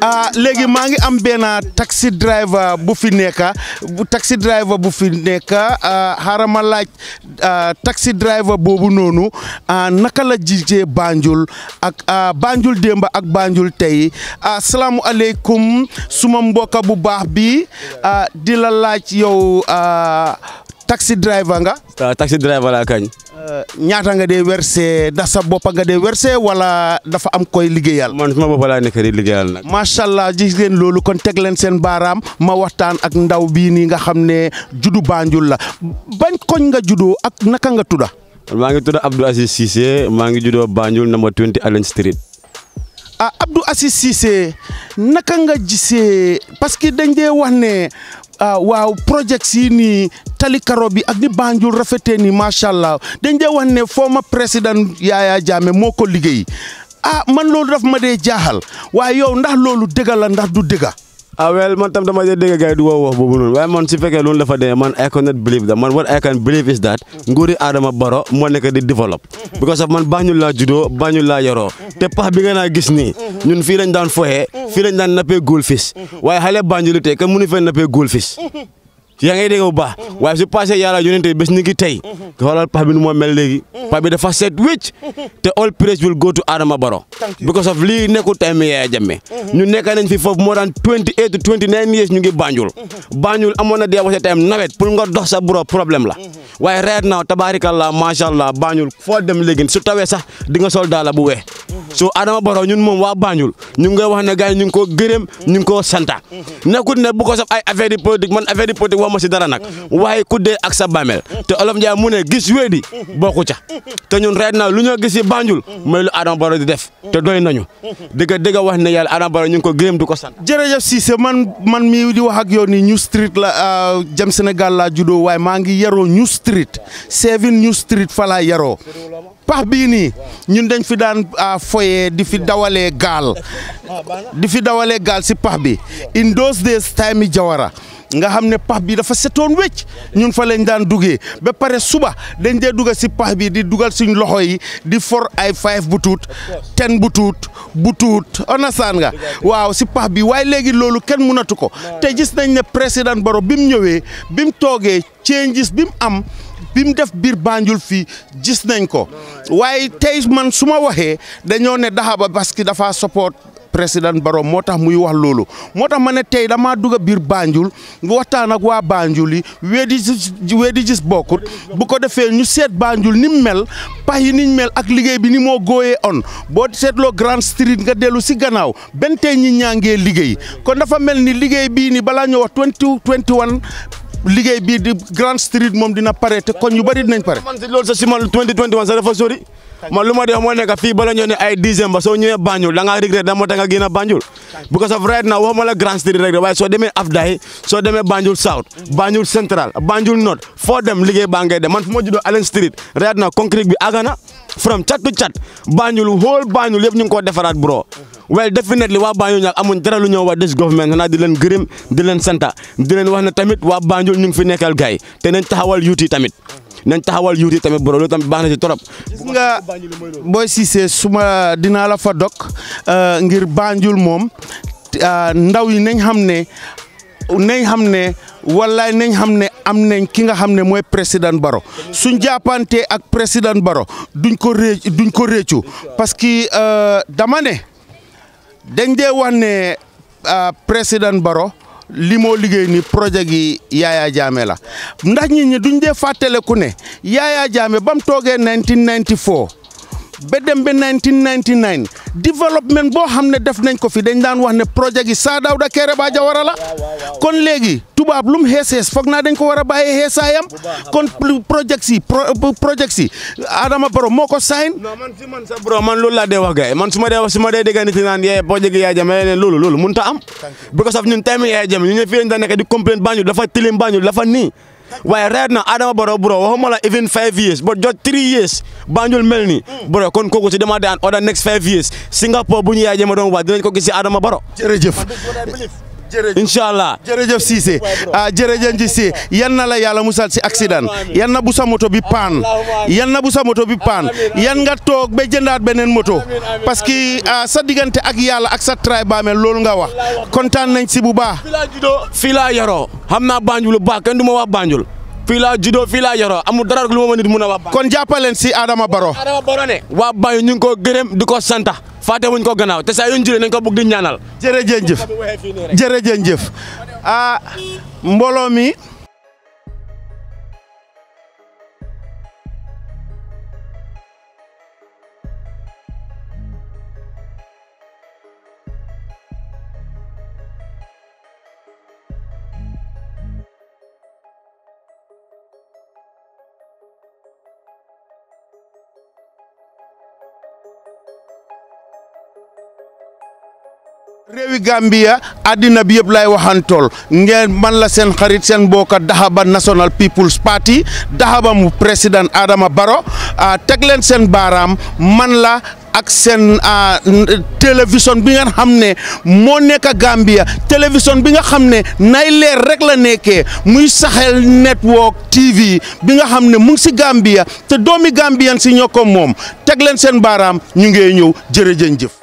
Ah, léegi maa ngi am benn taxi driver bu fi nekk taxi driver bu fi nekk ah, xaaral ma laaj ah, taxi driver boobu noonu naka la jiite Banjul ak Banjul démb ak Banjul tey asalaamualeykum suma mbokk bu baax bi di la laaj yow. taxi driver nga Ta, taxi driver la kan. ñaata nga day versé da sa bop nga day versé wala dafa am koy ligéyal man sama bop la nek di liggéeyal nag macha allah gis ngeen lolu kon teg len sen baram ma waxtaan ak ndaw bi ni nga xamné judu Banjul la bañ koñ nga judo ak naka nga tuda ma ngi tuda Abdou Aziz Cissé ma ngi judo Banjul number 20 Allen Street ah Abdou Assis Cissé naka nga gissé parce que dañ dé wax ah, waaw project yi ni tali karo bi ak ni Banjul rafetee ni macha allah dañ dee wax ne former président Yaya Jammeh moo ko liggéey ah man loolu daf ma dee jaaxal waaye yow ndax loolu dëgg la ndax du dëgg. ah well man tam dama dégg gars yi du wax wax boobu noonu waaye man su fekkee loolu dafa dee man I cannot believe that man what I can believe is that nguuri Adama Barrow moo nekk di develop because of man Banjul laa juddoo Banjul laa yoroo te pax bi nga naa gis nii ñun fii lañ daan foyee fii lañ daan nappee goldfish waaye xale Banjul tey kan mënu fee nappee goldfish Yang ngay ubah, bu baax mhm. waaye su passé yàlla yonente kalau ni ngi tey xoolal mhm. pax bi nu old mel mhm. bi dafa set all praise will go to Adama baro because of li neko time ya Jammeh ñu nekka nañ fi foofu moo daan twenty eight to 29 years ñu ngi Banjul Banjul amona dia dee wasa time nawet pour nga dox sa buro problème la right now tabaarikàllaa macha allah Banjul for dem lagi, su tawee sax di nga sol so Adama baro ñun moom waa Banjul ñu ngi wax ne gars ñu santa neko ne bu ko I ay affaire politique man affaire politique xaw ci dara nak waye ku dee ak sa bàmmeel te olof ndia mu ne gis wéedi bokku ca te ñun na gis ci Banjul may lu adam baro di def te doy nañu dëgg dëgg wax ne yalla adam baro ñu ko gëm du ko sant. man man mi di wax ak yoni New Street la euh, jëm Sénégal la judo waye ma ngi yaro New Street seven New Street fala yero. pax bi ni ñun dañ fi daan difidawale euh, di fi gal di fi gal si pax bi in those days time jawara nga xam ne pax bi dafa setoon wecc ñun fa lañ daan dugee ba pare suba dañ dee dugal si pax bi di dugal suñ loxo yi di for ay five bu tuut ten bu tuut bu tuut onasaan ga waaw si pax bi waaye léegi loolu kenn mënatu ko te gis nañ ne président Barrow bi mu ñëwee bi mu toogee changes bi mu am bi mu def biir Banjul fii gis nañ ko waaye tey man su ma waxee dañoo ne Dahaba ba que dafa support président Barrow moo tax muy wax loolu moo tax ma ne tey damaa dugg biir Banjul waxtaan ak waa Banjul yi weedi gis weedi gis bokkut bu ko defee ñu seet Banjul ni mu mel pax ni niñ mel ak liggéey bi ni moo góoyee on boo seet seetloo Grand Street nga dellu si gannaaw benn tey ñi ñaangee liggéey kon dafa mel ni liggéey bii ni balaa ñoo wax 20 21 liggéey bii di Grand Street moom dina pare te kon ñu bari dinañ pare. sa simal sa dafa sori. man lu ma dee moo nekk fii bala ñoo ne ay dixième ba soo ñëwee Banjul da ngaa regret da moo tax nga génn Banjul of right now waxuma la Grand Street rek waaye soo demee Afdahi soo demee Banjul South Banjul Central Banjul North foo dem liggéey baa ngay dem man fu ma juddoo Allen Street right now concrete bi agana from cat to cat Banjul whole Banjul yëpp ñu ngi koo defaraat bro well definitely waa Banjul ñaak amuñ dara lu ñëw waa this government na di leen gërëm di leen santa di leen wax ne tamit waa Banjul ñu ngi fi nekkal gars yi te nañ taxawal yuuti tamit nañ taxawal yuut yi tamit bro loolu tamit baax na trop. gis nga Boy Cissé su ma dinaa la fa dog euh, ngir Banjul moom euh, ndaw yi nañ xam ne nañ xam ne wallaay nañ xam ne am nañ ki nga xam ne mooy président boro suñ jàppante ak président boro duñ ko ré duñ ko réccu parce que euh, dama ne dañ dee wax boro li liggéey ni projet gi Yaya Jammeh la ndax nit ñi duñ dee fàttaleku ne Yaya Jammeh ba mu toogee 1994 ba dem ba 1999 développement boo xam ne def nañ ko fi dañ daan wax ne projet gi Sir Dawda Kairaba a la kon léegi tubaab lu mu xeesees foog naa dañ ko war a bàyyi xeesaayam kon projet si projet si Adama Barrow moo ko sign. non man si man sa bro man loolu laa dee wax man su ma dee wax su dee dégg nit ñi naan yee projet gi Yaya Jammeh leen loolu loolu mënut a am. parce que ñun tamit Yaya Jammeh ñu ne fii daan nekk di complain Banjul dafa tilim Banjul dafa nii. waaye right now Adama Barrow bro waxuma la even five years but just three years Banjul mel ni bro kon kooku si dama daan order next five years Singapore bu ñu yaay doon wax dinañ ko si Adama Barrow jërëjëf incha allah jërëjëf Cissé ah jërëjëf si yan na la yàlla musal si accident yan na bu sa moto bi paan yan na bu sa moto bi paan yan nga toog ba jëndaat beneen moto parce que ah, sa diggante ak yàlla ak sa tray baamel loolu nga wax kontaan nañ si bu baax. fii laa yoroo xam naa Banjul bu baax kenn du ma wax Banjul fii laa juddoo fii laa yoroo amul dara lu nit mun a wax. kon jàppaleen si Adama Baro. Adama waa Banjul ñu ngi ko gërëm di ko santa fàtte wuñ ko gannaaw te saa yu ñu jëlee nañ ko bëgg di ñaanal. jërëjëf jëf jërëjëf ah mbooloo mi. réewi Gambia àddina bi yëpp lay waxantool ngeen man la seen xarit seen mbokk Dahaba National People's Party Dahaba mu président Adama Barrow ah, teg leen seen baaraam man la ak seen ah, télévision bi nga xam ne moo nekk Gambia télévision bi nga xam ne nay leer rek la nekkee muy Sahel Network TV bi nga xam ne mu si Gambia te doomi Gambian si ñoo ko moom teg leen seen baaraam ñu ngey ñëw jërëjëf.